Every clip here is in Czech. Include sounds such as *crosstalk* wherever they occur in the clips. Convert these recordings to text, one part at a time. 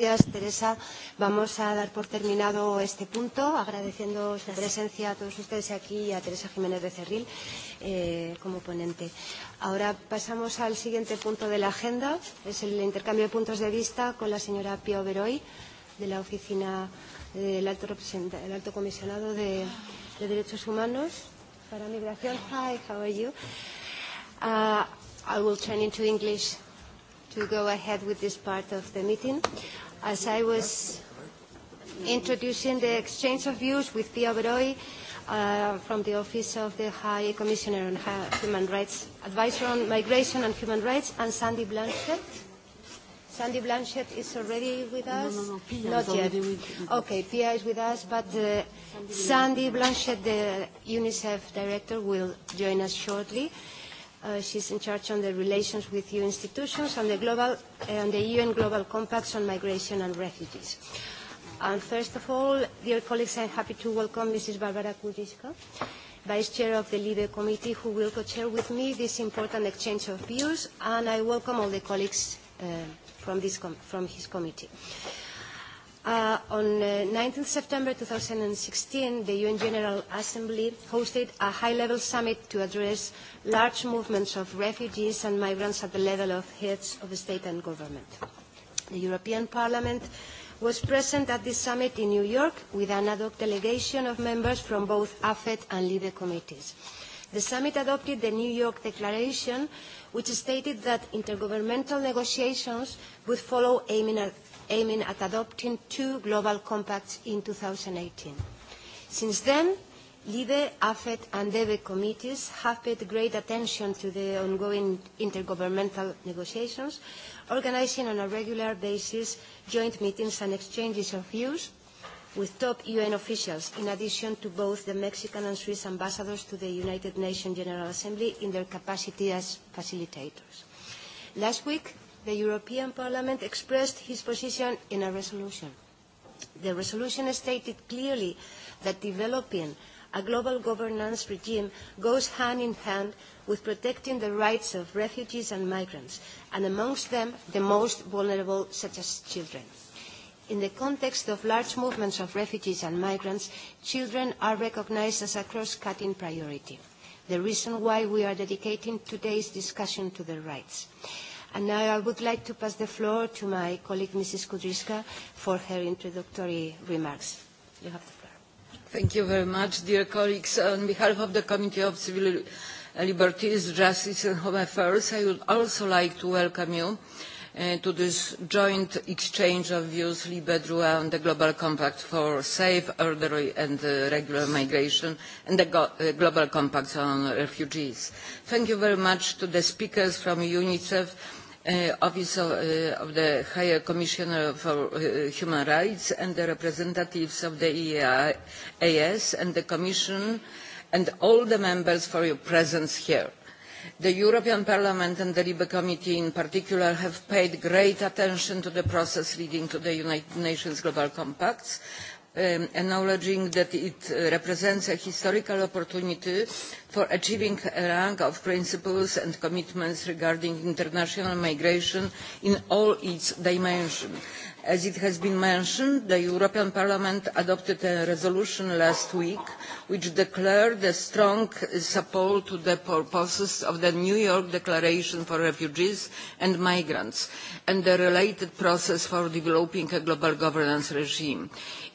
Gracias, Teresa. Vamos a dar por terminado este punto, agradeciendo su presencia a todos ustedes aquí y a Teresa Jiménez Becerril eh, como ponente. Ahora pasamos al siguiente punto de la agenda. Es el intercambio de puntos de vista con la señora Pia Oberoi, de la Oficina del Alto, el Alto Comisionado de, de Derechos Humanos para Migración. Hi, how are you? Uh, I will turn into English to go ahead with this part of the meeting as I was introducing the exchange of views with Pia Beroy uh, from the Office of the High Commissioner on Human Rights, Advisor on Migration and Human Rights, and Sandy Blanchett. Sandy Blanchett is already with no, no, us? No, no, no. Pia Not yet. With okay, Pia is with us, but uh, Sandy Blanchett, the UNICEF director, will join us shortly. Uh, she's in charge on the relations with UN institutions and the, global, uh, and the UN Global Compacts on Migration and Refugees. And first of all, dear colleagues, I'm happy to welcome Mrs. Barbara Kuriska, Vice Chair of the LIBE Committee, who will co-chair with me this important exchange of views, and I welcome all the colleagues uh, from, this com from his committee. Uh, Uh, on uh, 19 September 2016, the UN General Assembly hosted a high-level summit to address large movements of refugees and migrants at the level of heads of state and government. The European Parliament was present at this summit in New York with an ad hoc delegation of members from both AFET and LIBE committees. The summit adopted the New York Declaration, which stated that intergovernmental negotiations would follow aiming at aiming at adopting two global compacts in 2018. Since then, LIBE, AFET and DEVE committees have paid great attention to the ongoing intergovernmental negotiations, organizing on a regular basis joint meetings and exchanges of views with top UN officials, in addition to both the Mexican and Swiss ambassadors to the United Nations General Assembly in their capacity as facilitators. Last week, the European Parliament expressed his position in a resolution. The resolution stated clearly that developing a global governance regime goes hand in hand with protecting the rights of refugees and migrants, and amongst them the most vulnerable, such as children. In the context of large movements of refugees and migrants, children are recognized as a cross-cutting priority, the reason why we are dedicating today's discussion to their rights. And now I would like to pass the floor to my colleague, Mrs. Kudryska, for her introductory remarks. You have the floor. Thank you very much, dear colleagues. On behalf of the Committee of Civil Liberties, Justice and Home Affairs, I would also like to welcome you Eh, to this joint exchange of views Libe-Drua on the Global Compact for Safe, Orderly and uh, Regular Migration and the uh, Global Compact on Refugees. Thank you very much to the speakers from UNICEF, uh, Office of, uh, of the Higher Commissioner for uh, Human Rights and the representatives of the EAS and the Commission and all the members for your presence here. The European Parliament and the LIBE Committee in particular have paid great attention to the process leading to the United Nations Global Compacts, um, acknowledging that it uh, represents a historical opportunity for achieving a range of principles and commitments regarding international migration in all its dimensions as has been mentioned the european parliament adopted a resolution last week which declared strong support to the purposes of the new york declaration for refugees and migrants and the related process for developing a global governance regime.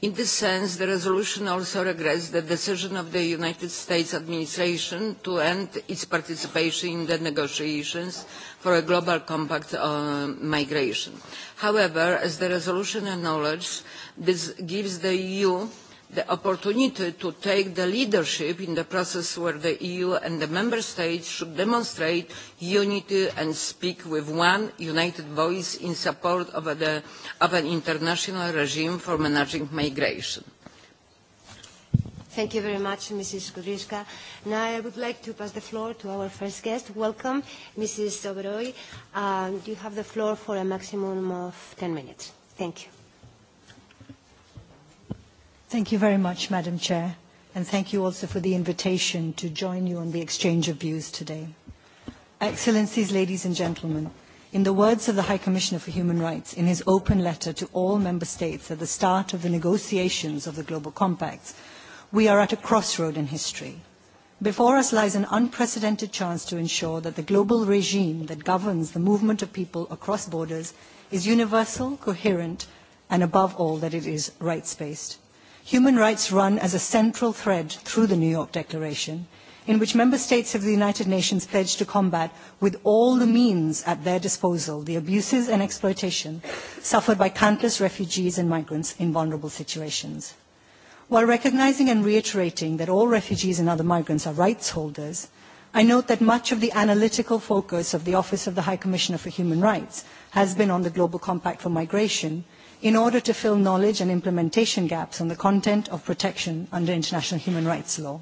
In this sense, the resolution also regrets the decision of the United States administration to end its participation in the negotiations for a global compact on migration. However, as the resolution acknowledges, this gives the EU the opportunity to take the leadership in the process where the EU and the member states should demonstrate unity and speak with one united voice in support of, the, of an international regime for managing migration. Thank you very much, Mrs. Kudryska. Now I would like to pass the floor to our first guest. Welcome, Mrs. Oberoi. Um, uh, you have the floor for a maximum of 10 minutes. Thank you. Thank you very much, Madam Chair, and thank you also for the invitation to join you on the exchange of views today. Excellencies, ladies and gentlemen, in the words of the High Commissioner for Human Rights in his open letter to all member states at the start of the negotiations of the Global Compacts, we are at a crossroad in history. Before us lies an unprecedented chance to ensure that the global regime that governs the movement of people across borders is universal, coherent, and above all, that it is rights-based human rights run as a central thread through the New York Declaration, in which member states of the United Nations pledged to combat with all the means at their disposal the abuses and exploitation suffered by countless refugees and migrants in vulnerable situations. While recognizing and reiterating that all refugees and other migrants are rights holders, I note that much of the analytical focus of the Office of the High Commissioner for Human Rights has been on the Global Compact for Migration, in order to fill knowledge and implementation gaps on the content of protection under international human rights law.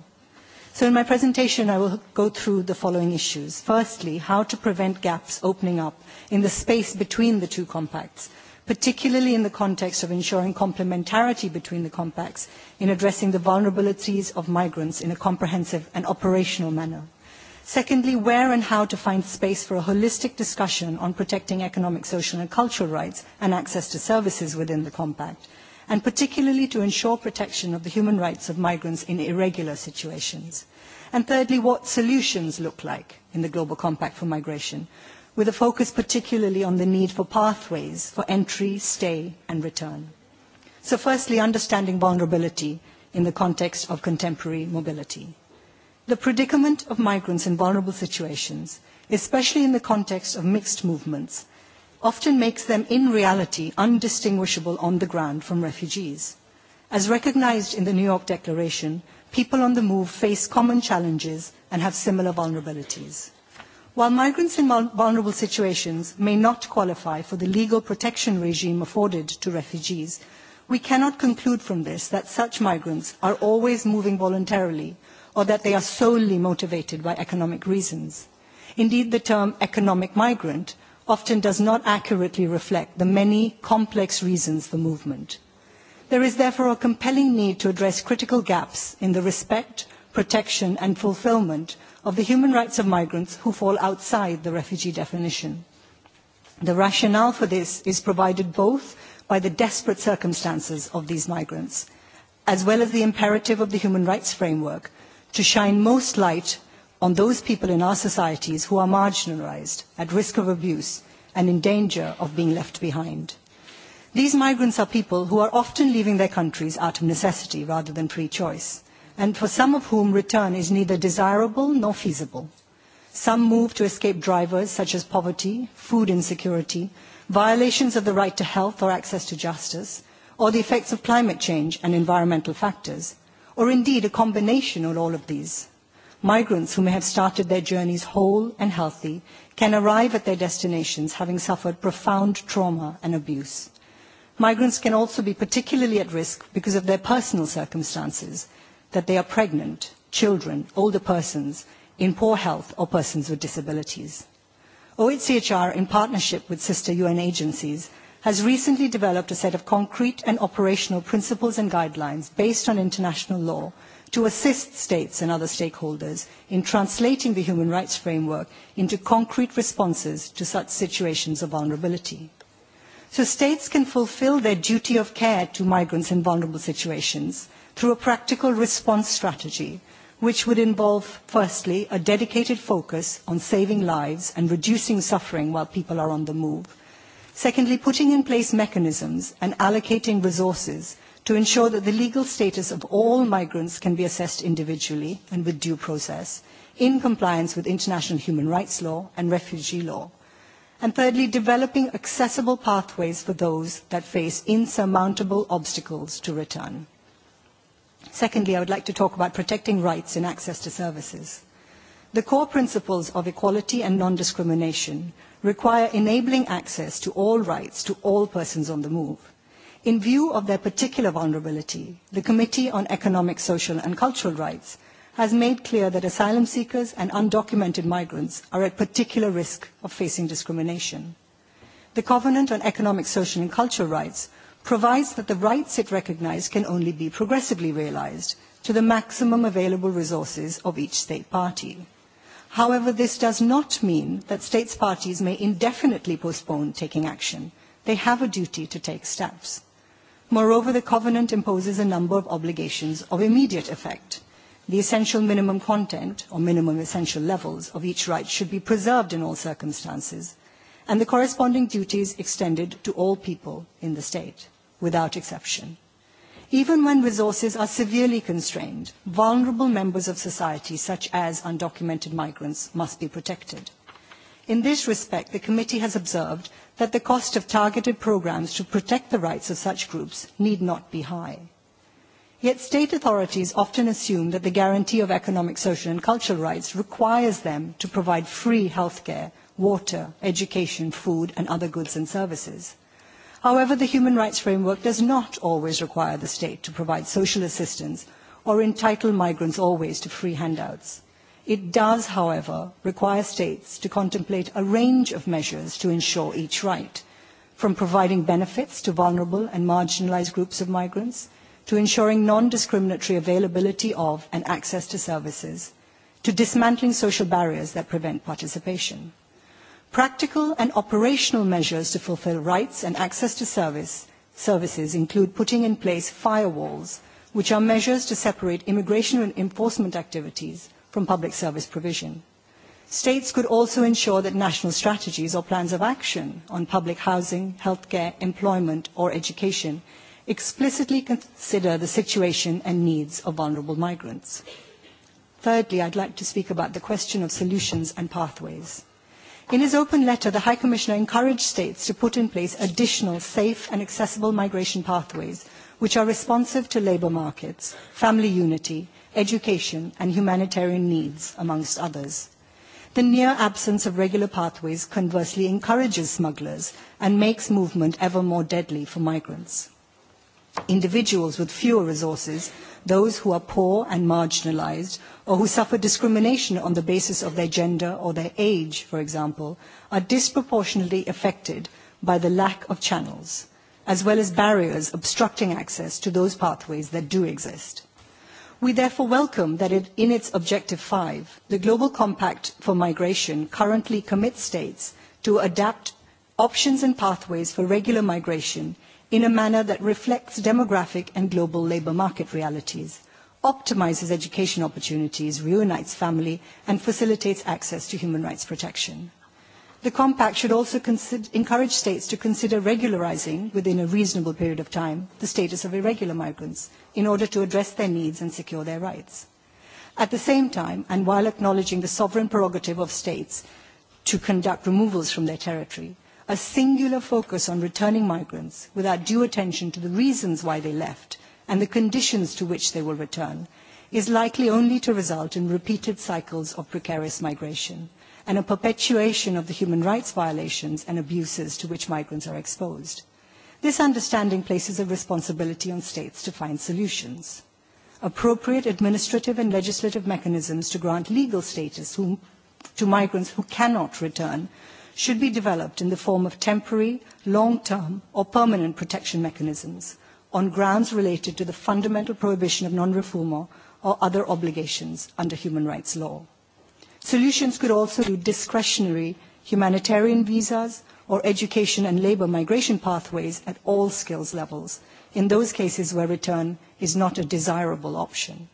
So in my presentation, I will go through the following issues. Firstly, how to prevent gaps opening up in the space between the two compacts, particularly in the context of ensuring complementarity between the compacts in addressing the vulnerabilities of migrants in a comprehensive and operational manner. Secondly, where and how to find space for a holistic discussion on protecting economic, social and cultural rights and access to services within the compact, and particularly to ensure protection of the human rights of migrants in irregular situations. And thirdly, what solutions look like in the Global Compact for Migration, with a focus particularly on the need for pathways for entry, stay and return. So firstly, understanding vulnerability in the context of contemporary mobility. The predicament of migrants in vulnerable situations, especially in the context of mixed movements, often makes them in reality undistinguishable on the ground from refugees. As recognised in the New York Declaration, people on the move face common challenges and have similar vulnerabilities. While migrants in vulnerable situations may not qualify for the legal protection regime afforded to refugees, we cannot conclude from this that such migrants are always moving voluntarily or that they are solely motivated by economic reasons. Indeed, the term economic migrant often does not accurately reflect the many complex reasons for movement. There is therefore a compelling need to address critical gaps in the respect, protection and fulfilment of the human rights of migrants who fall outside the refugee definition. The rationale for this is provided both by the desperate circumstances of these migrants, as well as the imperative of the human rights framework to shine most light on those people in our societies who are marginalised, at risk of abuse, and in danger of being left behind. These migrants are people who are often leaving their countries out of necessity rather than free choice, and for some of whom return is neither desirable nor feasible. Some move to escape drivers such as poverty, food insecurity, violations of the right to health or access to justice, or the effects of climate change and environmental factors, or indeed a combination of all of these. Migrants who may have started their journeys whole and healthy can arrive at their destinations having suffered profound trauma and abuse. Migrants can also be particularly at risk because of their personal circumstances, that they are pregnant, children, older persons, in poor health or persons with disabilities. OHCHR, in partnership with sister UN agencies, has recently developed a set of concrete and operational principles and guidelines based on international law to assist states and other stakeholders in translating the human rights framework into concrete responses to such situations of vulnerability. So states can fulfil their duty of care to migrants in vulnerable situations through a practical response strategy, which would involve, firstly, a dedicated focus on saving lives and reducing suffering while people are on the move, Secondly, putting in place mechanisms and allocating resources to ensure that the legal status of all migrants can be assessed individually and with due process in compliance with international human rights law and refugee law. And thirdly, developing accessible pathways for those that face insurmountable obstacles to return. Secondly, I would like to talk about protecting rights and access to services. The core principles of equality and non-discrimination require enabling access to all rights to all persons on the move. In view of their particular vulnerability, the Committee on Economic, Social and Cultural Rights has made clear that asylum seekers and undocumented migrants are at particular risk of facing discrimination. The Covenant on Economic, Social and Cultural Rights provides that the rights it recognises can only be progressively realised to the maximum available resources of each state party. However, this does not mean that states parties may indefinitely postpone taking action. They have a duty to take steps. Moreover, the Covenant imposes a number of obligations of immediate effect. The essential minimum content, or minimum essential levels, of each right should be preserved in all circumstances, and the corresponding duties extended to all people in the state, without exception even when resources are severely constrained, vulnerable members of society, such as undocumented migrants, must be protected. In this respect, the committee has observed that the cost of targeted programs to protect the rights of such groups need not be high. Yet state authorities often assume that the guarantee of economic, social and cultural rights requires them to provide free healthcare, water, education, food and other goods and services. However, the human rights framework does not always require the state to provide social assistance or entitle migrants always to free handouts. It does, however, require states to contemplate a range of measures to ensure each right, from providing benefits to vulnerable and marginalised groups of migrants, to ensuring non-discriminatory availability of and access to services, to dismantling social barriers that prevent participation. Practical and operational measures to fulfill rights and access to service, services include putting in place firewalls, which are measures to separate immigration and enforcement activities from public service provision. States could also ensure that national strategies or plans of action on public housing, healthcare, employment or education explicitly consider the situation and needs of vulnerable migrants. Thirdly, I'd like to speak about the question of solutions and pathways. In his open letter, the High Commissioner encouraged states to put in place additional safe and accessible migration pathways which are responsive to labour markets, family unity, education and humanitarian needs, amongst others. The near absence of regular pathways conversely encourages smugglers and makes movement ever more deadly for migrants individuals with fewer resources, those who are poor and marginalised, or who suffer discrimination on the basis of their gender or their age, for example, are disproportionately affected by the lack of channels, as well as barriers obstructing access to those pathways that do exist. We therefore welcome that it, in its Objective 5, the Global Compact for Migration currently commits states to adapt options and pathways for regular migration in a manner that reflects demographic and global labour market realities, optimises education opportunities, reunites family, and facilitates access to human rights protection. The compact should also encourage states to consider regularising, within a reasonable period of time, the status of irregular migrants in order to address their needs and secure their rights. At the same time, and while acknowledging the sovereign prerogative of states to conduct removals from their territory, a singular focus on returning migrants without due attention to the reasons why they left and the conditions to which they will return is likely only to result in repeated cycles of precarious migration and a perpetuation of the human rights violations and abuses to which migrants are exposed. This understanding places a responsibility on states to find solutions. Appropriate administrative and legislative mechanisms to grant legal status whom, to migrants who cannot return should be developed in the form of temporary, long-term or permanent protection mechanisms on grounds related to the fundamental prohibition of non-refoulement or other obligations under human rights law. Solutions could also be discretionary humanitarian visas or education and labour migration pathways at all skills levels in those cases where return is not a desirable option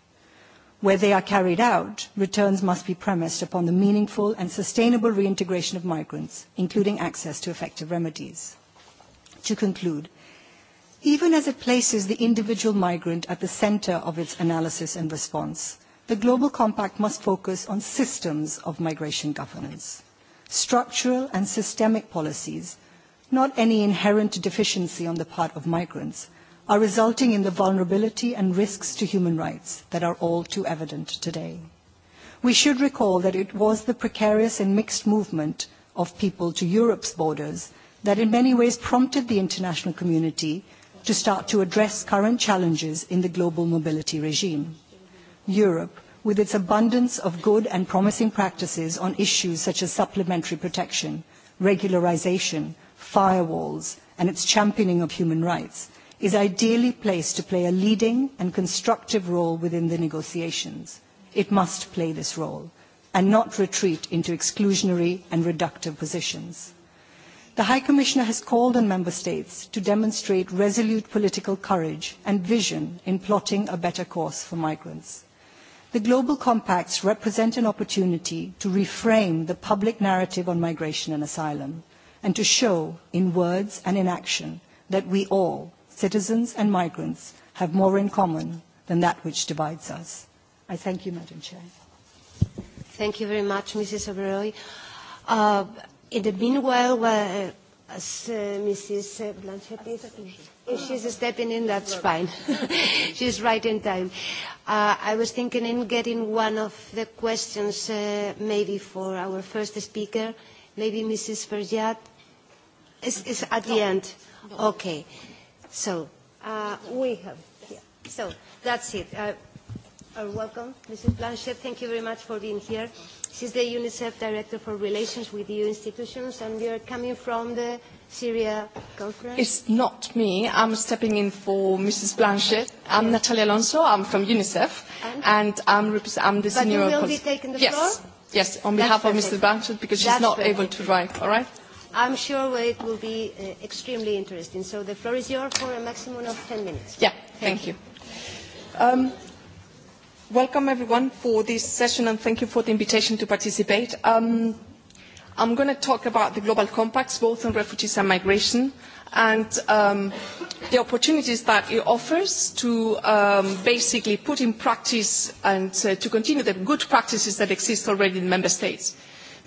where they are carried out, returns must be premised upon the meaningful and sustainable reintegration of migrants, including access to effective remedies. To conclude, even as it places the individual migrant at the centre of its analysis and response, the Global Compact must focus on systems of migration governance, structural and systemic policies, not any inherent deficiency on the part of migrants, are resulting in the vulnerability and risks to human rights that are all too evident today. We should recall that it was the precarious and mixed movement of people to Europe's borders that in many ways prompted the international community to start to address current challenges in the global mobility regime. Europe, with its abundance of good and promising practices on issues such as supplementary protection, regularisation, firewalls, and its championing of human rights, is ideally placed to play a leading and constructive role within the negotiations. It must play this role and not retreat into exclusionary and reductive positions. The High Commissioner has called on Member States to demonstrate resolute political courage and vision in plotting a better course for migrants. The global compacts represent an opportunity to reframe the public narrative on migration and asylum and to show in words and in action that we all, citizens and migrants have more in common than that which divides us. I thank you, Madam Chair. Thank you very much, Mrs. Oberoi. Uh, in the meanwhile, well, uh, as uh, Mrs. Uh, Blanchett is, if she's stepping in, that's fine. *laughs* she's right in time. Uh, I was thinking in getting one of the questions uh, maybe for our first speaker, maybe Mrs. Ferjat. It's it's at no. the end? No. no. Okay. So uh, we have, yeah. so that's it. Uh, uh, welcome, Mrs. Blanchett. Thank you very much for being here. She's the UNICEF Director for Relations with EU Institutions, and you're coming from the Syria conference? It's not me. I'm stepping in for Mrs. Blanchet. I'm yes. Natalia Alonso. I'm from UNICEF, and, and I'm, I'm the but senior. But you will be taking the yes. floor. Yes, on behalf of Mrs. Blanchet because That's she's not perfect. able to drive. All right. I'm sure it will be uh, extremely interesting. So the floor is yours for a maximum of 10 minutes. Yeah, thank, thank you. you. Um, welcome everyone for this session and thank you for the invitation to participate. Um, I'm going to talk about the global compacts, both on refugees and migration, and um, the opportunities that it offers to um, basically put in practice and uh, to continue the good practices that exist already in member states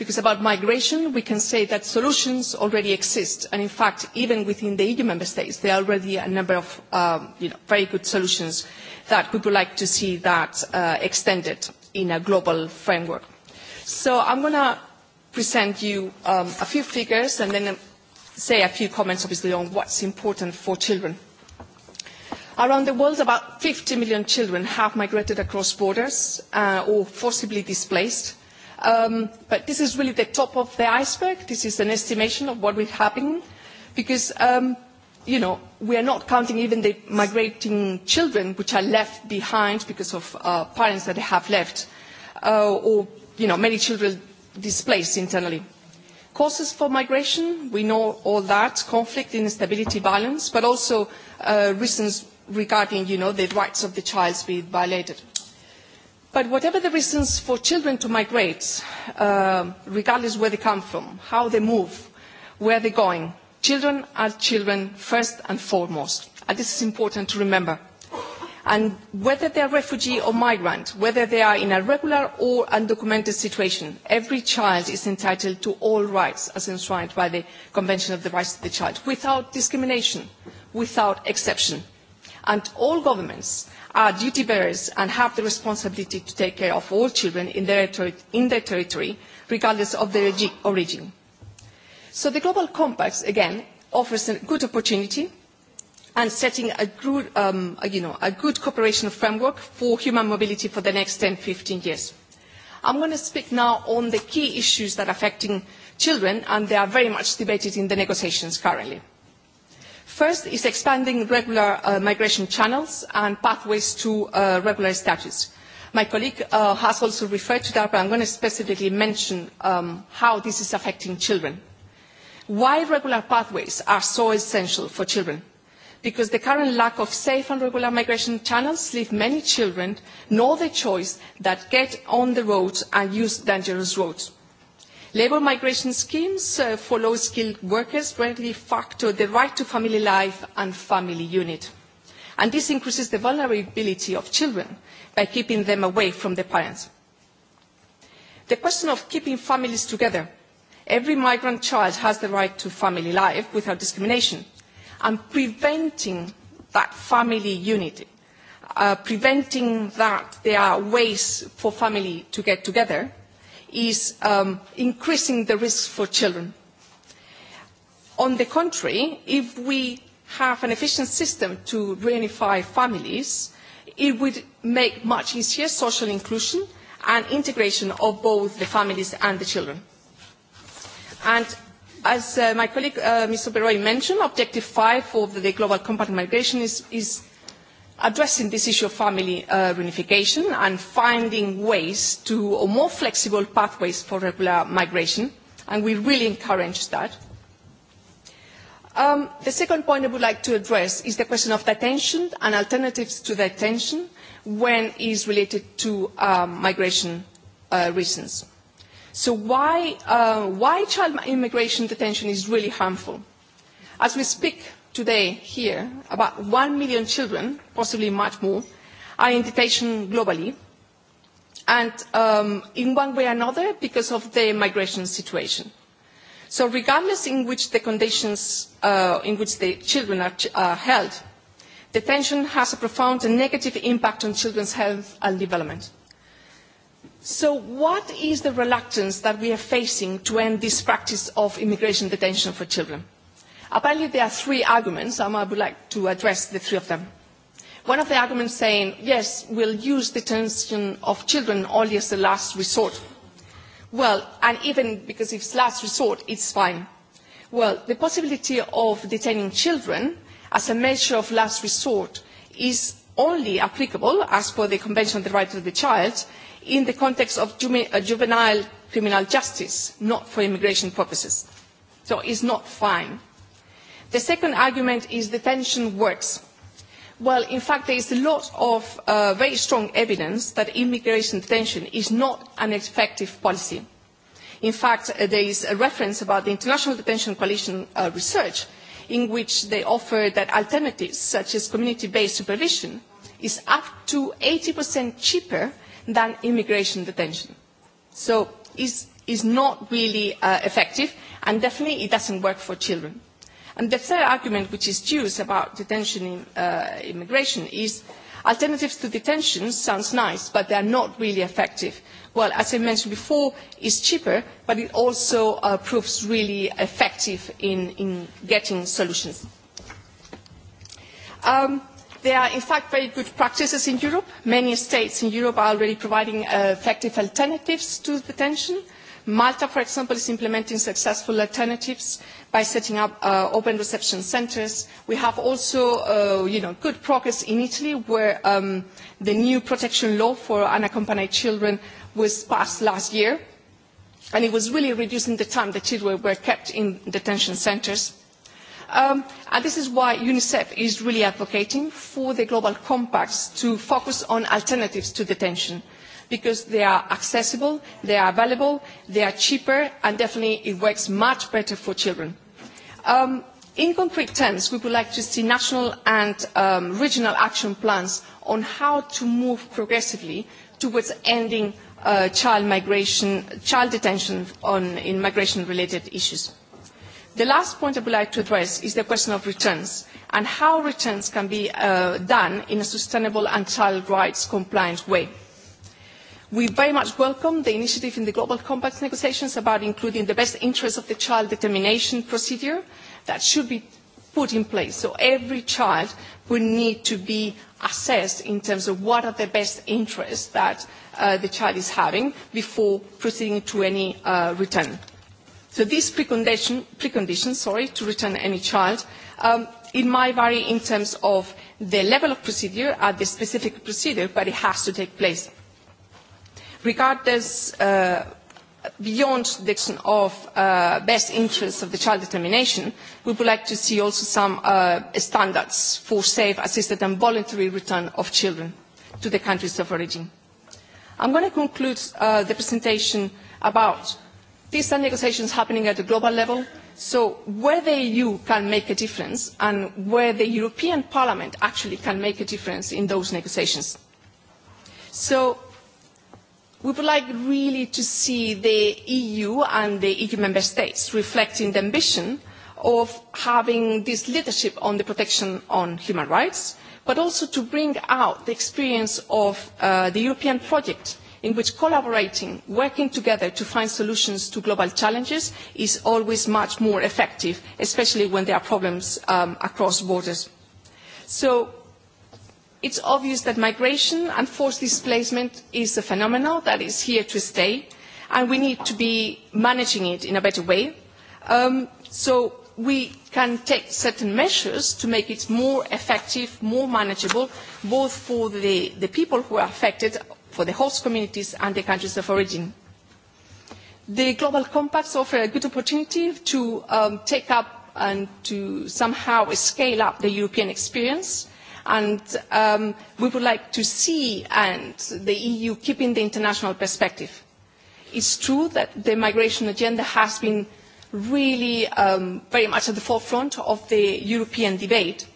because about migration, we can say that solutions already exist. And in fact, even within the EU member states, there are already a number of um, you know, very good solutions that we would like to see that uh, extended in a global framework. So I'm going to present you um, a few figures and then um, say a few comments, obviously, on what's important for children. Around the world, about 50 million children have migrated across borders uh, or forcibly displaced Um, but this is really the top of the iceberg. This is an estimation of what will happen because, um, you know, we are not counting even the migrating children which are left behind because of uh, parents that they have left uh, or, you know, many children displaced internally. Causes for migration, we know all that, conflict, instability, violence, but also uh, reasons regarding, you know, the rights of the child being violated. But whatever the reasons for children to migrate, uh, regardless where they come from, how they move, where they're going, children are children first and foremost. And this is important to remember. And whether they are refugee or migrant, whether they are in a regular or undocumented situation, every child is entitled to all rights as enshrined by the Convention of the Rights of the Child, without discrimination, without exception. And all governments are duty bearers and have the responsibility to take care of all children in their, ter in their territory, regardless of their origin. So the Global Compact, again, offers a good opportunity and setting a good, um, you know, a good cooperation framework for human mobility for the next 10, 15 years. I'm going to speak now on the key issues that are affecting children, and they are very much debated in the negotiations currently. First is expanding regular uh, migration channels and pathways to uh, regular status. My colleague uh, has also referred to that, but I'm going to specifically mention um, how this is affecting children. Why regular pathways are so essential for children? Because the current lack of safe and regular migration channels leave many children no other choice than get on the roads and use dangerous roads. Labour migration schemes uh, for low-skilled workers greatly factor the right to family life and family unit. And this increases the vulnerability of children by keeping them away from their parents. The question of keeping families together. Every migrant child has the right to family life without discrimination. And preventing that family unity, uh, preventing that there are ways for family to get together is um, increasing the risks for children. On the contrary, if we have an efficient system to reunify families, it would make much easier social inclusion and integration of both the families and the children. And as uh, my colleague uh, Mr. Beroy mentioned, Objective five of the Global Compact on Migration is, is addressing this issue of family uh, reunification and finding ways to or more flexible pathways for regular migration, and we really encourage that. Um, the second point I would like to address is the question of detention and alternatives to detention when it is related to um, migration uh, reasons. So why, uh, why child immigration detention is really harmful? As we speak, today here, about 1 million children, possibly much more, are in detention globally. And um, in one way or another, because of the migration situation. So regardless in which the conditions uh, in which the children are, are held, detention has a profound and negative impact on children's health and development. So what is the reluctance that we are facing to end this practice of immigration detention for children? Apparently there are three arguments, and um, I would like to address the three of them. One of the arguments saying, yes, we'll use detention of children only as the last resort. Well, and even because it's last resort, it's fine. Well, the possibility of detaining children as a measure of last resort is only applicable, as per the Convention on the Rights of the Child, in the context of uh, juvenile criminal justice, not for immigration purposes. So it's not fine. The second argument is detention works. Well, in fact, there is a lot of uh, very strong evidence that immigration detention is not an effective policy. In fact, uh, there is a reference about the International Detention Coalition uh, research in which they offer that alternatives such as community-based supervision is up to 80% cheaper than immigration detention. So it is not really uh, effective, and definitely it doesn't work for children. And the third argument which is used about detention in uh, immigration is alternatives to detention sounds nice, but they are not really effective. Well, as I mentioned before, it's cheaper, but it also uh, proves really effective in, in getting solutions. Um, there are, in fact, very good practices in Europe. Many states in Europe are already providing uh, effective alternatives to detention. Malta, for example, is implementing successful alternatives by setting up uh, open reception centres. We have also, uh, you know, good progress in Italy, where um, the new protection law for unaccompanied children was passed last year, and it was really reducing the time that children were kept in detention centres. Um, and this is why UNICEF is really advocating for the global compacts to focus on alternatives to detention because they are accessible, they are available, they are cheaper, and definitely it works much better for children. Um, in concrete terms, we would like to see national and um, regional action plans on how to move progressively towards ending uh, child migration, child detention on, in migration-related issues. The last point I would like to address is the question of returns and how returns can be uh, done in a sustainable and child rights compliant way. We very much welcome the initiative in the Global Compact negotiations about including the best interest of the child determination procedure that should be put in place. So every child will need to be assessed in terms of what are the best interests that uh, the child is having before proceeding to any uh, return. So these precondition, preconditions sorry, to return any child, um, it might vary in terms of the level of procedure at the specific procedure, but it has to take place regardless uh, beyond the question of uh, best interests of the child determination, we would like to see also some uh, standards for safe, assisted and voluntary return of children to the countries of origin. I'm going to conclude uh, the presentation about these are negotiations happening at a global level, so where the EU can make a difference and where the European Parliament actually can make a difference in those negotiations. So We would like really to see the EU and the EU member states reflecting the ambition of having this leadership on the protection on human rights, but also to bring out the experience of uh, the European project in which collaborating, working together to find solutions to global challenges is always much more effective, especially when there are problems um, across borders. So It's obvious that migration and forced displacement is a phenomenon that is here to stay, and we need to be managing it in a better way. Um, so we can take certain measures to make it more effective, more manageable, both for the, the people who are affected, for the host communities and the countries of origin. The global compacts offer a good opportunity to um, take up and to somehow scale up the European experience And um, we would like to see and the EU keeping the international perspective. It's true that the migration agenda has been really um, very much at the forefront of the European debate.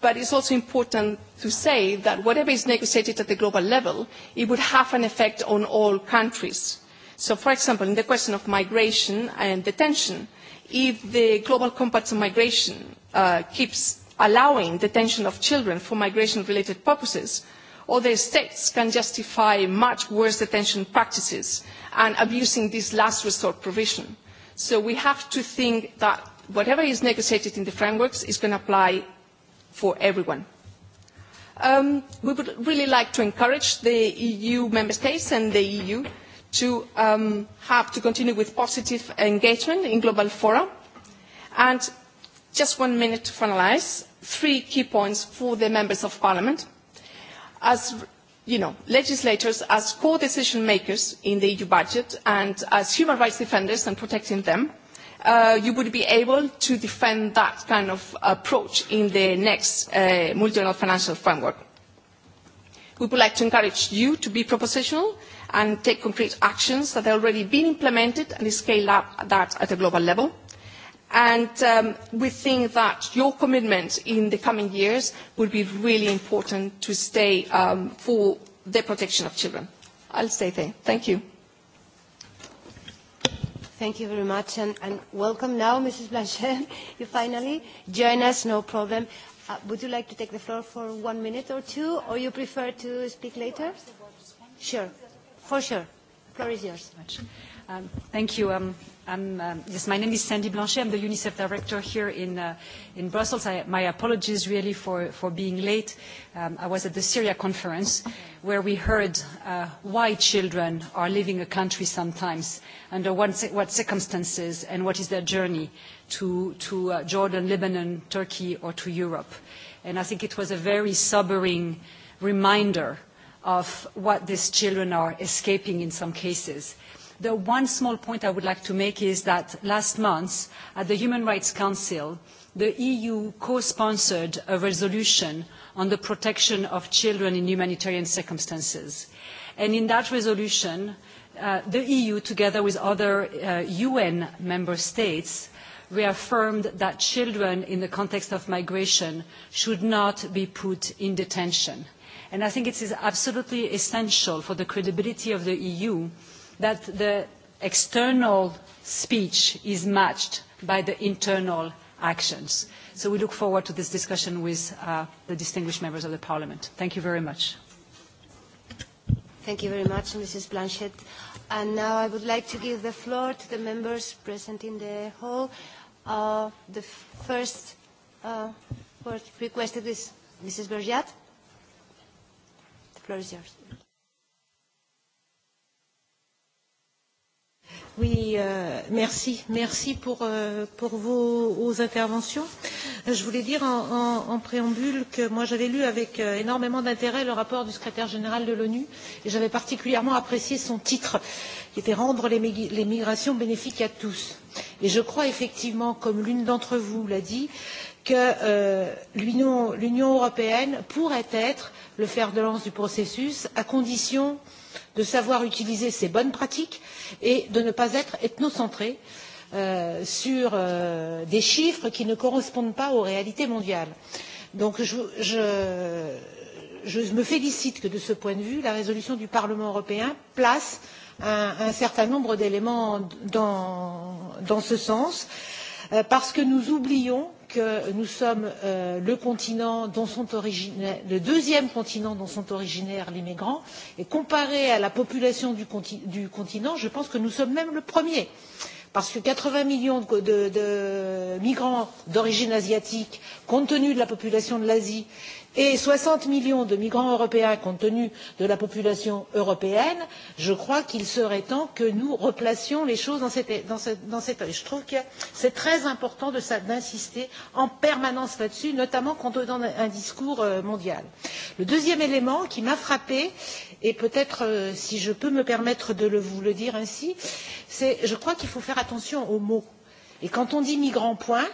But it's also important to say that whatever is negotiated at the global level, it would have an effect on all countries. So, for example, in the question of migration and detention, if the Global Compact on Migration uh, keeps allowing detention of children for migration-related purposes, other states can justify much worse detention practices and abusing this last resort provision. So we have to think that whatever is negotiated in the frameworks is going to apply for everyone. Um, we would really like to encourage the EU member states and the EU to um, have to continue with positive engagement in global fora and Just one minute to finalise. Three key points for the members of parliament. As you know, legislators, as co-decision makers in the EU budget and as human rights defenders and protecting them, uh, you would be able to defend that kind of approach in the next uh, multi-annual financial framework. We would like to encourage you to be propositional and take concrete actions that have already been implemented and scale up that at a global level. And um, we think that your commitment in the coming years will be really important to stay um, for the protection of children. I'll stay there. Thank you. Thank you very much, and, and welcome now, Mrs. Blanchet. *laughs* You finally join us, no problem. Uh, would you like to take the floor for one minute or two, or you prefer to speak later? Sure, for sure floor is yours. Um, thank you. Um, I'm, um, yes, my name is Sandy Blanchet. I'm the UNICEF director here in, uh, in Brussels. I, my apologies really for, for being late. Um, I was at the Syria conference where we heard uh, why children are leaving a country sometimes, under what, what circumstances, and what is their journey to, to uh, Jordan, Lebanon, Turkey, or to Europe. And I think it was a very sobering reminder uh, of what these children are escaping in some cases. The one small point I would like to make is that last month at the Human Rights Council, the EU co-sponsored a resolution on the protection of children in humanitarian circumstances. And in that resolution, uh, the EU, together with other uh, UN member states, reaffirmed that children in the context of migration should not be put in detention And I think it is absolutely essential for the credibility of the EU that the external speech is matched by the internal actions. So we look forward to this discussion with uh, the distinguished members of the Parliament. Thank you very much. Thank you very much, Mrs. Blanchett. And now I would like to give the floor to the members present in the hall. Uh, the first uh, word requested is Mrs. Bergiat floor is Oui, euh, merci. Merci pour, euh, pour vos, vos interventions. Euh, je voulais dire en, en, en préambule que moi j'avais lu avec euh, énormément d'intérêt le rapport du secrétaire général de l'ONU et j'avais particulièrement apprécié son titre qui était Rendre les, les migrations bénéfiques à tous. Et je crois effectivement, comme l'une d'entre vous l'a dit, que euh, l'Union européenne pourrait être le fer de lance du processus à condition de savoir utiliser ses bonnes pratiques et de ne pas être ethnocentrée euh, sur euh, des chiffres qui ne correspondent pas aux réalités mondiales. Donc je, je, je me félicite que de ce point de vue, la résolution du Parlement européen place un, un certain nombre d'éléments dans, dans ce sens, euh, parce que nous oublions que nous sommes euh, le continent dont sont le deuxième continent dont sont originaires les migrants et comparé à la population du, conti, du continent je pense que nous sommes même le premier parce que quatre vingts millions de, de, de migrants d'origine asiatique compte tenu de la population de l'asie et soixante millions de migrants européens compte tenu de la population européenne je crois qu'il serait temps que nous replacions les choses dans cet dans je trouve que c'est très important d'insister en permanence là dessus notamment quand on donne un discours euh, mondial. le deuxième élément qui m'a frappée et peut être euh, si je peux me permettre de vous le dire ainsi c'est que je crois qu'il faut faire attention aux mots et quand on dit migrants point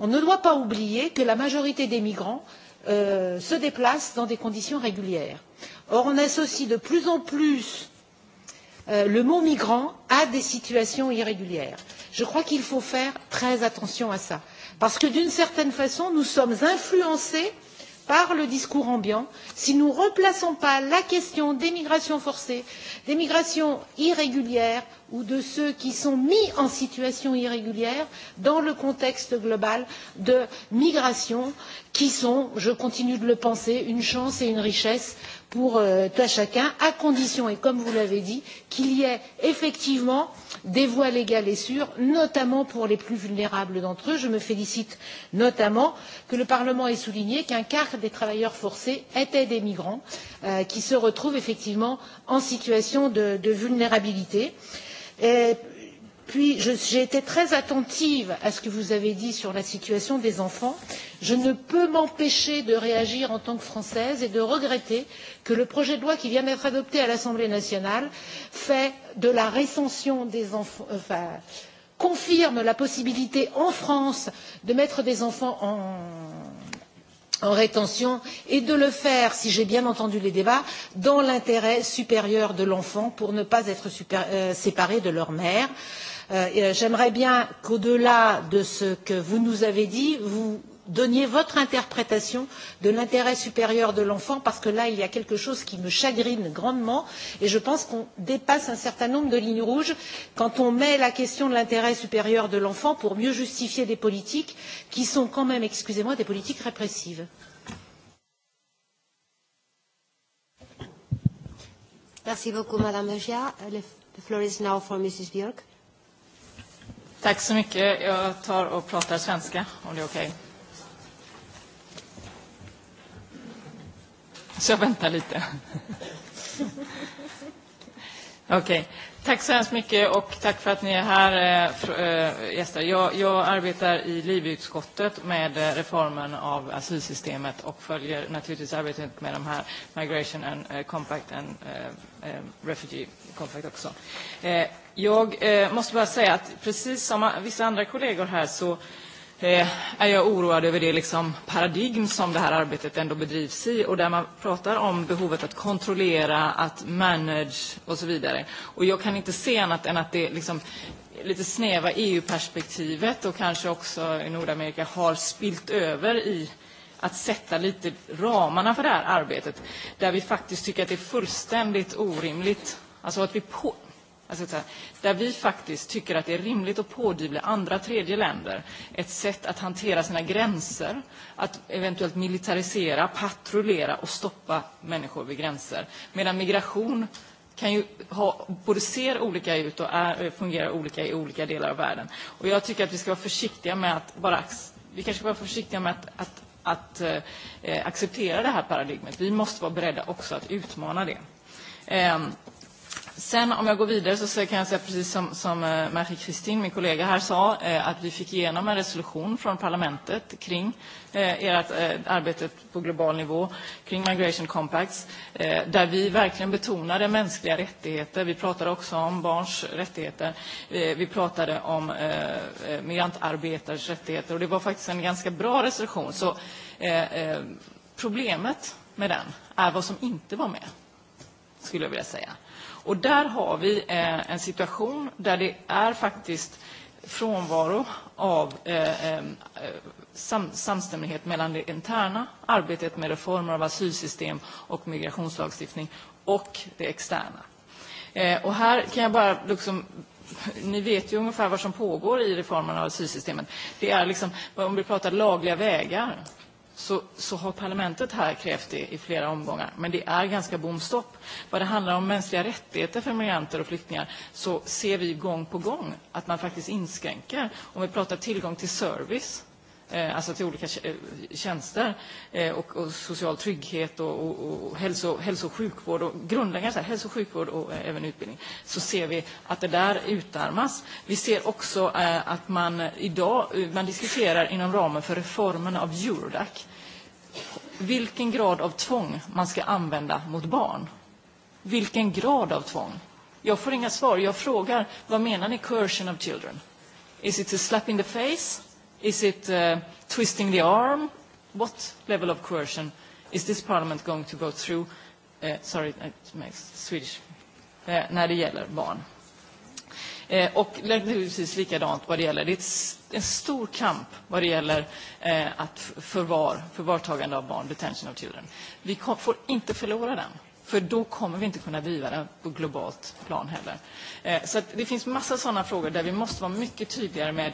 on ne doit pas oublier que la majorité des migrants Euh, se déplacent dans des conditions régulières. or on associe de plus en plus euh, le mot migrant à des situations irrégulières. je crois qu'il faut faire très attention à cela parce que d'une certaine façon nous sommes influencés par par le discours ambiant si nous ne replaçons pas la question des migrations forcées des migrations irrégulières ou de ceux qui sont mis en situation irrégulière dans le contexte global de migrations qui sont je continue de le penser une chance et une richesse pour pour euh, tout un chacun à condition et comme vous l'avez dit qu'il y ait effectivement des voies légales et sûres notamment pour les plus vulnérables d'entre eux. je me félicite notamment que le parlement ait souligné qu'un quart des travailleurs forcés étaient des migrants euh, qui se retrouvent effectivement en situation de, de vulnérabilité. Et puis j'ai été très attentive à ce que vous avez dit sur la situation des enfants je ne peux m'empêcher de réagir en tant que française et de regretter que le projet de loi qui vient d'être adopté à l'assemblée nationale confirme la possibilité en france de mettre des enfants en, rétention et de le faire si j'ai bien entendu les débats dans l'intérêt supérieur de l'enfant pour ne pas être super, euh, séparé de leur mère. Euh, Euh, j'aimerais bien qu'au delà de ce que vous nous avez dit, vous donniez votre interprétation de l'intérêt supérieur de l'enfant parce que là il y a quelque chose qui me chagrine grandement et je pense qu'on dépasse un certain nombre de lignes rouges quand on met la question de l'intérêt supérieur de l'enfant pour mieux justifier des politiques qui sont quand même excusez moi des politiques répressives. Merci beaucoup Madame Legia. The floor is now for Mrs. Björk. Tack så mycket. Jag tar och pratar svenska, om det är okej. Okay. Så jag väntar lite. *laughs* Okej. Okay. Tack så hemskt mycket och tack för att ni är här, eh, eh, gäster. Jag, jag arbetar i livutskottet med eh, reformen av asylsystemet och följer naturligtvis arbetet med de här Migration and Compact and Refugee Compact också. Jag eh, måste bara säga att precis som vissa andra kollegor här så eh, är jag oroad över det liksom paradigm som det här arbetet ändå bedrivs i och där man pratar om behovet att kontrollera, att manage och så vidare. Och jag kan inte se annat än att det liksom lite snäva EU-perspektivet och kanske också i Nordamerika har spilt över i att sätta lite ramarna för det här arbetet där vi faktiskt tycker att det är fullständigt orimligt Alltså att vi på alltså, så här, där vi faktiskt tycker att det är rimligt att pådyvla andra tredje länder ett sätt att hantera sina gränser, att eventuellt militarisera, patrullera och stoppa människor vid gränser. Medan migration kan ju ha, både ser olika ut och är, eh, fungerar olika i olika delar av världen. Och jag tycker att vi ska vara försiktiga med att bara, vi kanske ska vara försiktiga med att, att, att eh, acceptera det här paradigmet. Vi måste vara beredda också att utmana det. Eh, Sen om jag går vidare så, kan jag säga precis som, som eh, Marie-Kristin, min kollega här, sa eh, att vi fick igenom en resolution från parlamentet kring eh, ert arbete på global nivå kring Migration Compacts där vi verkligen betonade mänskliga rättigheter. Vi pratade också om barns rättigheter. Vi pratade om migrantarbetares rättigheter och det var faktiskt en ganska bra resolution. Så problemet med den är vad som inte var med skulle jag vilja säga. Och där har vi eh, en situation där det är faktiskt frånvaro av eh, eh, sam samstämmighet mellan det interna arbetet med reformer av asylsystem och migrationslagstiftning och det externa. Eh, och här kan jag bara liksom ni vet ju ungefär vad som pågår i reformerna av asylsystemet. Det är liksom, om vi pratar lagliga vägar, så, så har parlamentet här krävt det i flera omgångar. Men det är ganska bomstopp. Vad det handlar om mänskliga rättigheter för migranter och flyktingar så ser vi gång på gång att man faktiskt inskränker. Om vi pratar tillgång till service Eh, alltså till olika eh, tjänster eh, och, social trygghet och, hälso, hälso och sjukvård och grundläggande så här, hälso och sjukvård och även utbildning så ser vi att det där utarmas. Vi ser också att man idag man diskuterar inom ramen för reformen av Eurodac vilken grad av tvång man ska använda mot barn. Vilken grad av tvång? Jag får inga svar. Jag frågar vad menar ni coercion of children? Is it a slap in the face? Is it uh, twisting the arm? What level of coercion is this parliament going to go through? Uh, sorry, uh, it makes Swedish. Uh, när det gäller barn. Eh, och naturligtvis likadant vad det gäller, det är ett, en stor kamp vad det gäller eh, att förvar, förvartagande av barn, detention of children. Vi kom, får inte förlora den, för då kommer vi inte kunna driva den på globalt plan heller. Eh, så att det finns massa sådana frågor där vi måste vara mycket tydligare med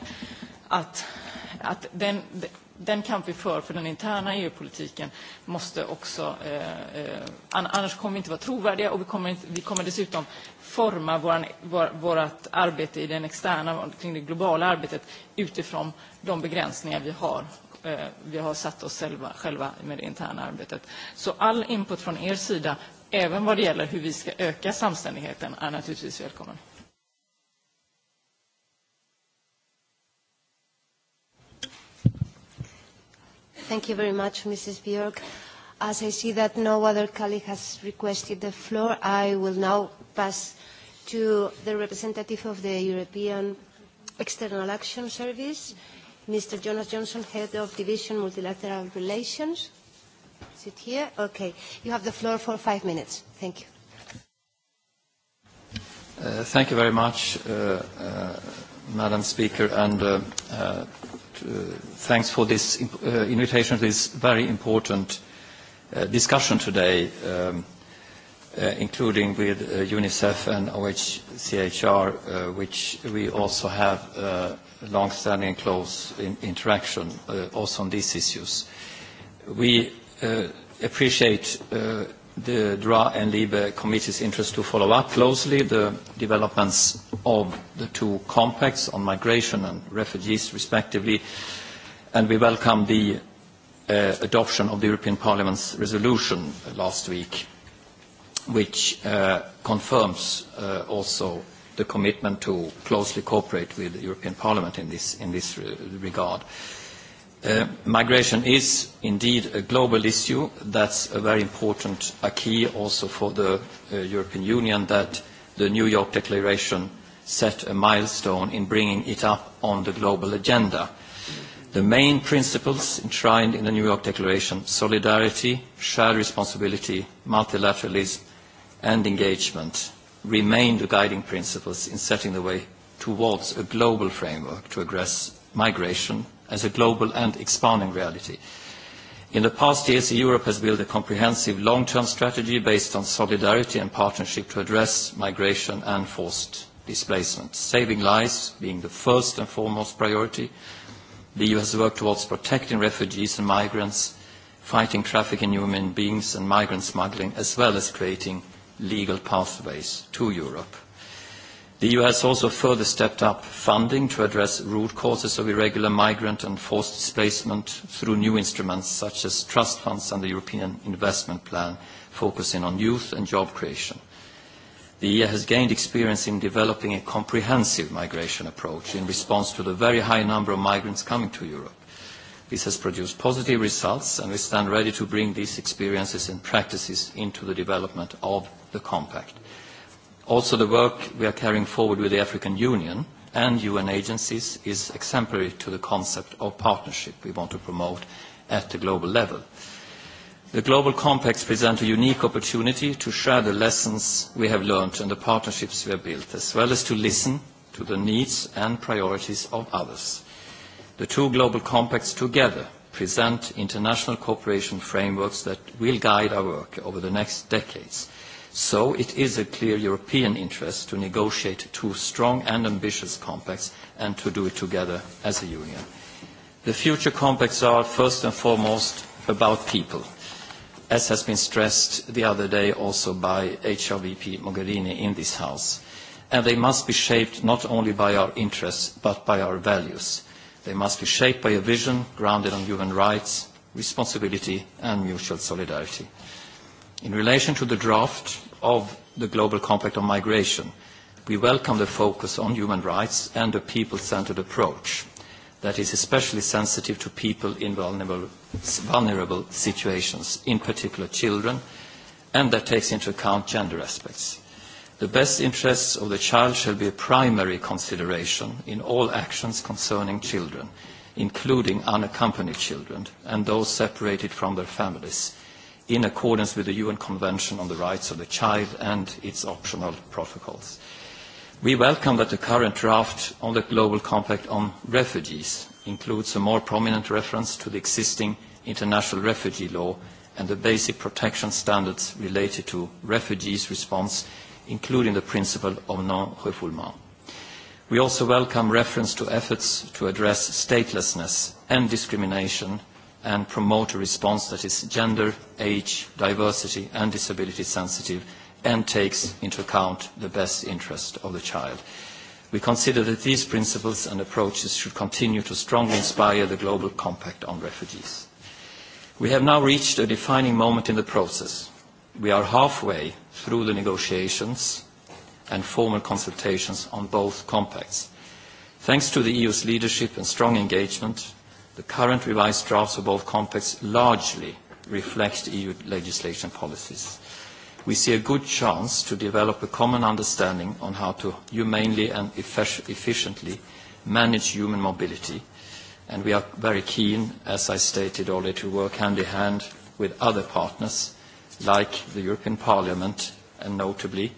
att att den, den kamp vi för för den interna EU-politiken måste också, eh, eh, annars kommer vi inte vara trovärdiga och vi kommer, inte, vi kommer dessutom forma våran, vår, vårt arbete i den externa, kring det globala arbetet utifrån de begränsningar vi har eh, vi har satt oss själva, själva med det interna arbetet. Så all input från er sida, även vad det gäller hur vi ska öka samständigheten, är naturligtvis välkommen. Thank you very much, Mrs. Bjork. As I see that no other colleague has requested the floor, I will now pass to the representative of the European External Action Service, Mr. Jonas Johnson, Head of Division Multilateral Relations. Is it here? Okay. You have the floor for five minutes. Thank you. Uh, thank you very much, uh, uh, Madam Speaker, and uh, uh, Uh, thanks for this uh, invitation to this very important uh, discussion today, um, including with UNICEF and OHCHR, which we also have uh, long-standing close in interaction also on these issues. We appreciate the DRA and LIBE committees' interest to follow up closely the developments of the two compacts on migration and refugees, respectively, and we welcome the uh, adoption of the European Parliament's resolution last week, which uh, confirms uh, also the commitment to closely cooperate with the European Parliament in this, in this re regard. Uh, Uh, migration is indeed a global issue. That's a very important key also for the uh, European Union that the New York Declaration set a milestone in bringing it up on the global agenda. The main principles enshrined in the New York Declaration, solidarity, shared responsibility, multilateralism and engagement, remain the guiding principles in setting the way towards a global framework to address migration as a global and expanding reality. In the past years, Europe has built a comprehensive long-term strategy based on solidarity and partnership to address migration and forced displacement. Saving lives being the first and foremost priority, the EU has worked towards protecting refugees and migrants, fighting trafficking in human beings and migrant smuggling, as well as creating legal pathways to Europe. The EU has also further stepped up funding to address root causes of irregular migrant and forced displacement through new instruments such as trust funds and the European Investment Plan, focusing on youth and job creation. The EU has gained experience in developing a comprehensive migration approach in response to the very high number of migrants coming to Europe. This has produced positive results, and we stand ready to bring these experiences and practices into the development of the compact. Also, the work we are carrying forward with the African Union and UN agencies is exemplary to the concept of partnership we want to promote at the global level. The global compacts present a unique opportunity to share the lessons we have learned and the partnerships we have built, as well as to listen to the needs and priorities of others. The two global compacts together present international cooperation frameworks that will guide our work over the next decades So it is a clear European interest to negotiate two strong and ambitious compacts and to do it together as a union. The future compacts are first and foremost about people, as has been stressed the other day also by HRVP Mogherini in this House. And they must be shaped not only by our interests, but by our values. They must be shaped by a vision grounded on human rights, responsibility and mutual solidarity. In relation to the draft of the Global Compact on Migration, we welcome the focus on human rights and a people-centered approach that is especially sensitive to people in vulnerable, vulnerable situations, in particular children, and that takes into account gender aspects. The best interests of the child shall be a primary consideration in all actions concerning children, including unaccompanied children and those separated from their families, in accordance with the UN Convention on the Rights of the Child and its optional protocols. We welcome that the current draft on the Global Compact on Refugees includes a more prominent reference to the existing international refugee law and the basic protection standards related to refugees' response, including the principle of non-refoulement. We also welcome reference to efforts to address statelessness and discrimination and promote a response that is gender, age, diversity and disability sensitive and takes into account the best interest of the child. We consider that these principles and approaches should continue to strongly inspire the Global Compact on Refugees. We have now reached a defining moment in the process. We are halfway through the negotiations and formal consultations on both compacts. Thanks to the EU's leadership and strong engagement, The current revised drafts of both compacts largely reflect EU legislation policies. We see a good chance to develop a common understanding on how to humanely and efficiently manage human mobility, and we are very keen, as I stated earlier, to work hand in hand with other partners like the European Parliament and notably,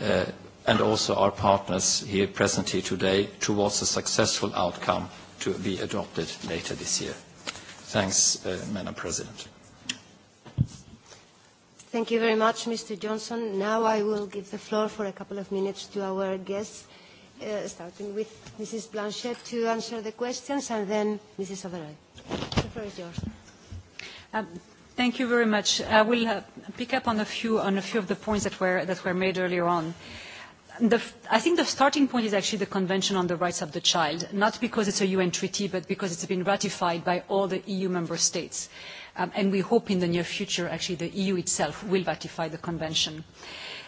uh, and also our partners here present here today towards a successful outcome to be adopted later this year. Thanks, uh, Madam President. Thank you very much, Mr. Johnson. Now I will give the floor for a couple of minutes to our guests, uh, starting with Mrs. Blanchet to answer the questions, and then Mrs. Averoy. The floor is yours. Um, thank you very much. I will uh, pick up on a few on a few of the points that were that were made earlier on. Uh, the, I think the starting point is actually the Convention on the Rights of the Child, not because it's a UN treaty, but because it's been ratified by all the EU member states. Um, and we hope in the near future, actually, the EU itself will ratify the Convention.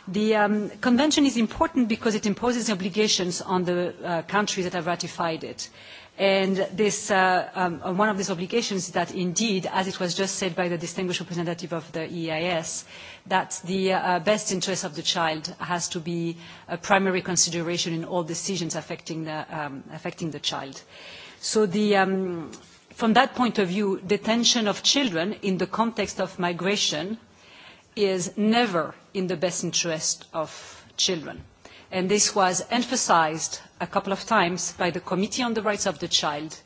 The um, Convention is important because it imposes obligations on the uh, countries that have ratified it. And this, uh, um, uh, one of these obligations is that indeed, as it was just said by the distinguished representative of the EIS, that the uh, uh, best interest of the child has to be a primary consideration in all decisions affecting the, um, affecting the child. So the, um, from that point of view, detention of children in the context of migration is never in the best interest of children and this was emphasized a couple of times by the Committee on the Rights of the Child,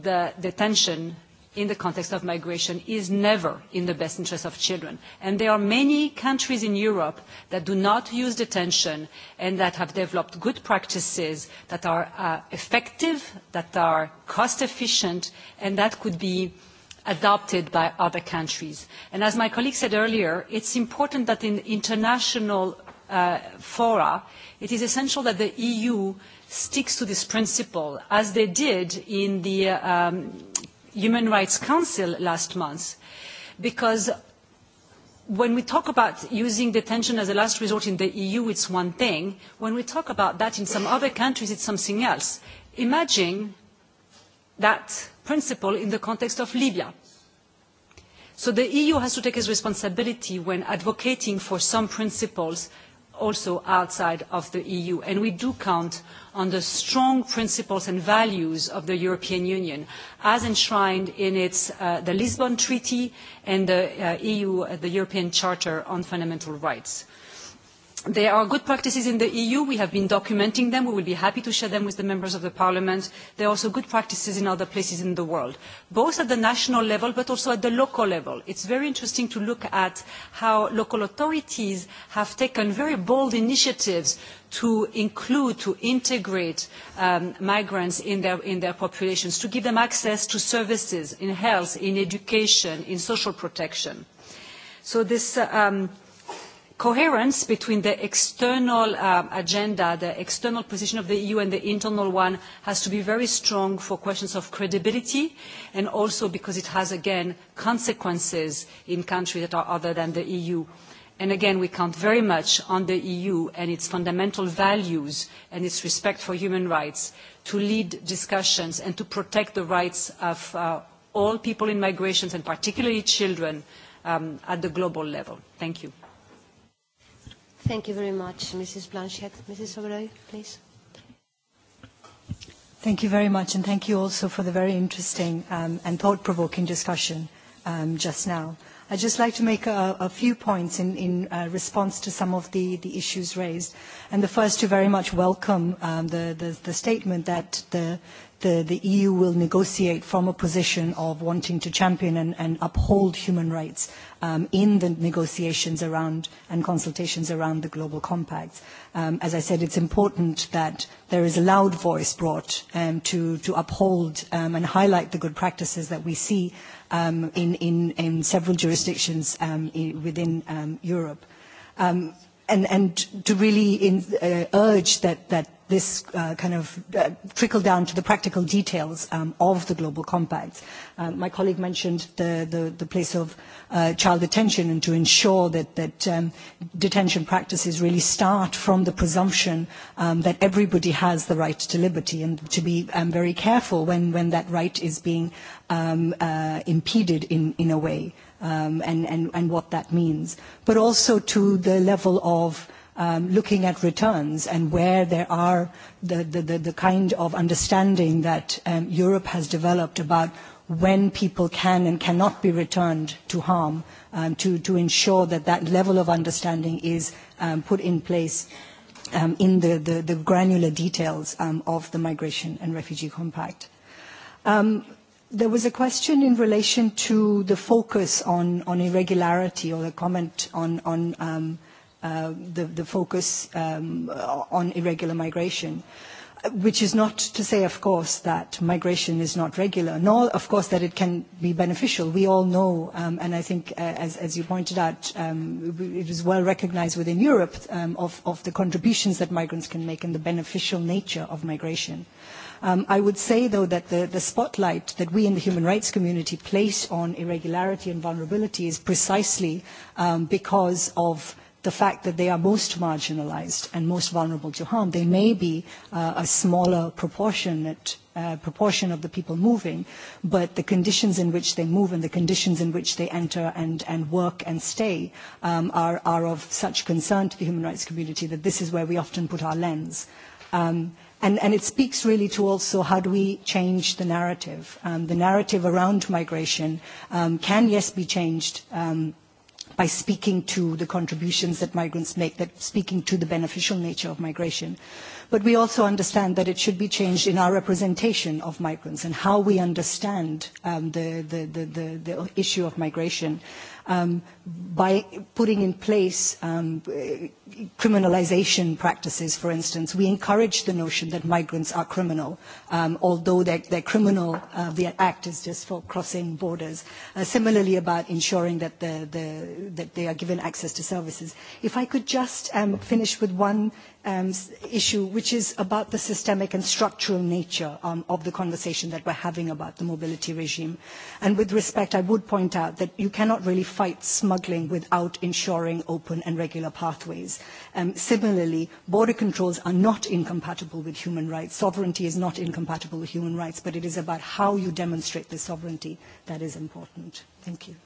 the detention in the context of migration is never in the best interest of children. And there are many countries in Europe that do not use detention and that have developed good practices that are uh, effective, that are cost efficient, and that could be adopted by other countries. And as my colleague said earlier, it's important that in international uh, fora, it is essential that the EU sticks to this principle, as they did in the um, Human Rights Council last month, because when we talk about using detention as a last resort in the EU, it's one thing. When we talk about that in some other countries, it's something else. Imagine that principle in the context of Libya. So the EU has to take its responsibility when advocating for some principles also outside of the EU. And we do count on the strong principles and values of the European Union as enshrined in its, uh, the Lisbon Treaty and the uh, EU, uh, the European Charter on Fundamental Rights. There are good practices in the EU. We have been documenting them. We will be happy to share them with the members of the parliament. There are also good practices in other places in the world, both at the national level but also at the local level. It's very interesting to look at how local authorities have taken very bold initiatives to include, to integrate um, migrants in their, in their populations, to give them access to services in health, in education, in social protection. So this... Uh, um, coherence between the external uh, agenda, the external position of the EU and the internal one has to be very strong for questions of credibility and also because it has, again, consequences in countries that are other than the EU. And again, we count very much on the EU and its fundamental values and its respect for human rights to lead discussions and to protect the rights of uh, all people in migrations and particularly children um, at the global level. Thank you. Thank you very much, Mrs. Blanchett. Mrs. Oberoi, please. Thank you very much, and thank you also for the very interesting um, and thought-provoking discussion um, just now. I'd just like to make a, a few points in, in uh, response to some of the, the issues raised. And the first to very much welcome um, the, the, the statement that the the, the EU will negotiate from a position of wanting to champion and, and uphold human rights um, in the negotiations around and consultations around the global compact. Um, as I said, it's important that there is a loud voice brought um, to, to uphold um, and highlight the good practices that we see um, in, in, in several jurisdictions um, in, within um, Europe. Um, and, and to really in, uh, urge that, that this uh, kind of uh, trickle down to the practical details um, of the global compacts. Uh, my colleague mentioned the, the, the place of uh, child detention and to ensure that, that um, detention practices really start from the presumption um, that everybody has the right to liberty and to be um, very careful when, when that right is being um, uh, impeded in, in a way um, and, and, and what that means. But also to the level of um, looking at returns and where there are the, the, the, the kind of understanding that um, Europe has developed about when people can and cannot be returned to harm um, to, to ensure that that level of understanding is um, put in place um, in the, the, the granular details um, of the Migration and Refugee Compact. Um, there was a question in relation to the focus on, on irregularity or the comment on, on um, – Uh, the, the focus um, uh, on irregular migration which is not to say, of course, that migration is not regular, nor, of course, that it can be beneficial. We all know, um, and I think, uh, as, as you pointed out, um, it is well recognized within Europe um, of, of the contributions that migrants can make and the beneficial nature of migration. Um, I would say, though, that the, the spotlight that we in the human rights community place on irregularity and vulnerability is precisely um, because of the fact that they are most marginalized and most vulnerable to harm. They may be uh, a smaller proportionate uh, proportion of the people moving, but the conditions in which they move and the conditions in which they enter and, and work and stay um, are, are of such concern to the human rights community that this is where we often put our lens. Um, And, and, it speaks really to also how do we change the narrative. Um, the narrative around migration um, can, yes, be changed um, by speaking to the contributions that migrants make, that speaking to the beneficial nature of migration. But we also understand that it should be changed in our representation of migrants and how we understand um, the, the, the, the, the issue of migration um, by putting in place um, criminalization practices, for instance, we encourage the notion that migrants are criminal, um, although their, their criminal uh, their act is just for crossing borders. Uh, similarly, about ensuring that, the, the, that they are given access to services. If I could just um, finish with one um, issue, which is about the systemic and structural nature um, of the conversation that we're having about the mobility regime. And with respect, I would point out that you cannot really fight smuggling without ensuring open and regular pathways. Um, similarly, border controls are not incompatible with human rights. Sovereignty is not incompatible with human rights, but it is about how you demonstrate the sovereignty that is important. Thank you.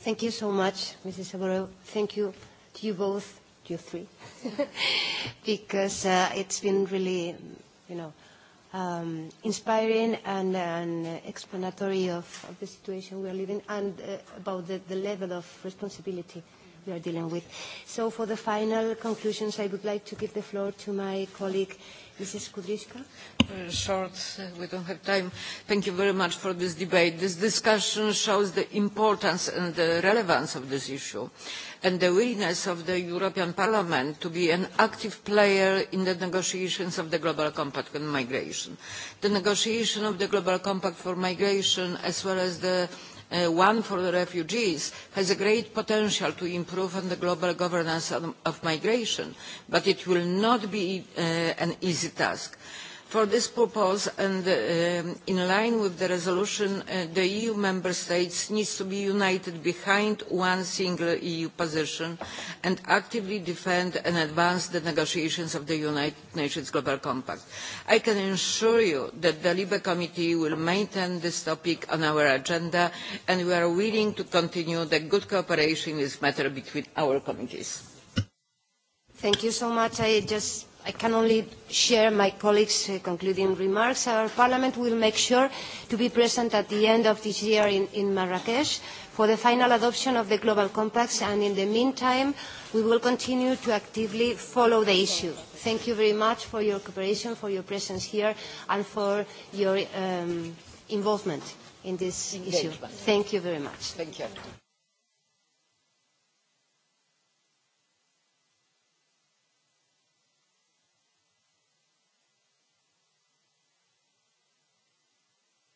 Thank you so much, Mrs. Saburo. Thank you to you both you three, *laughs* because uh, it's been really, you know, um, inspiring and, and explanatory of, of the situation we are living and uh, about the, the level of responsibility we are dealing with. So for the final conclusions, I would like to give the floor to my colleague, Mrs. Kudryska? Uh, short, uh, we don't have time. Thank you very much for this debate. This discussion shows the importance and the relevance of this issue and the willingness of the European Parliament to be an active player in the negotiations of the Global Compact on Migration. The negotiation of the Global Compact for Migration as well as the uh, one for the refugees, has a great potential to improve on the global governance of, of migration, but it will not be uh, an easy task. Uh, For this purpose, and uh, in line with the resolution, uh, the EU member states needs to be united behind one single EU position and actively defend and advance the negotiations of the United Nations Global Compact. I can assure you that the LIBE Committee will maintain this topic on our agenda, and we are willing to continue the good cooperation in this matter between our committees. Thank you so much. I just i can only share my colleagues' uh, concluding remarks. Our Parliament will make sure to be present at the end of this year in, in Marrakesh for the final adoption of the Global Compacts, and in the meantime, we will continue to actively follow the issue. Thank you very much for your cooperation, for your presence here, and for your um, involvement in this Engagement. issue. Thank you very much. Thank you.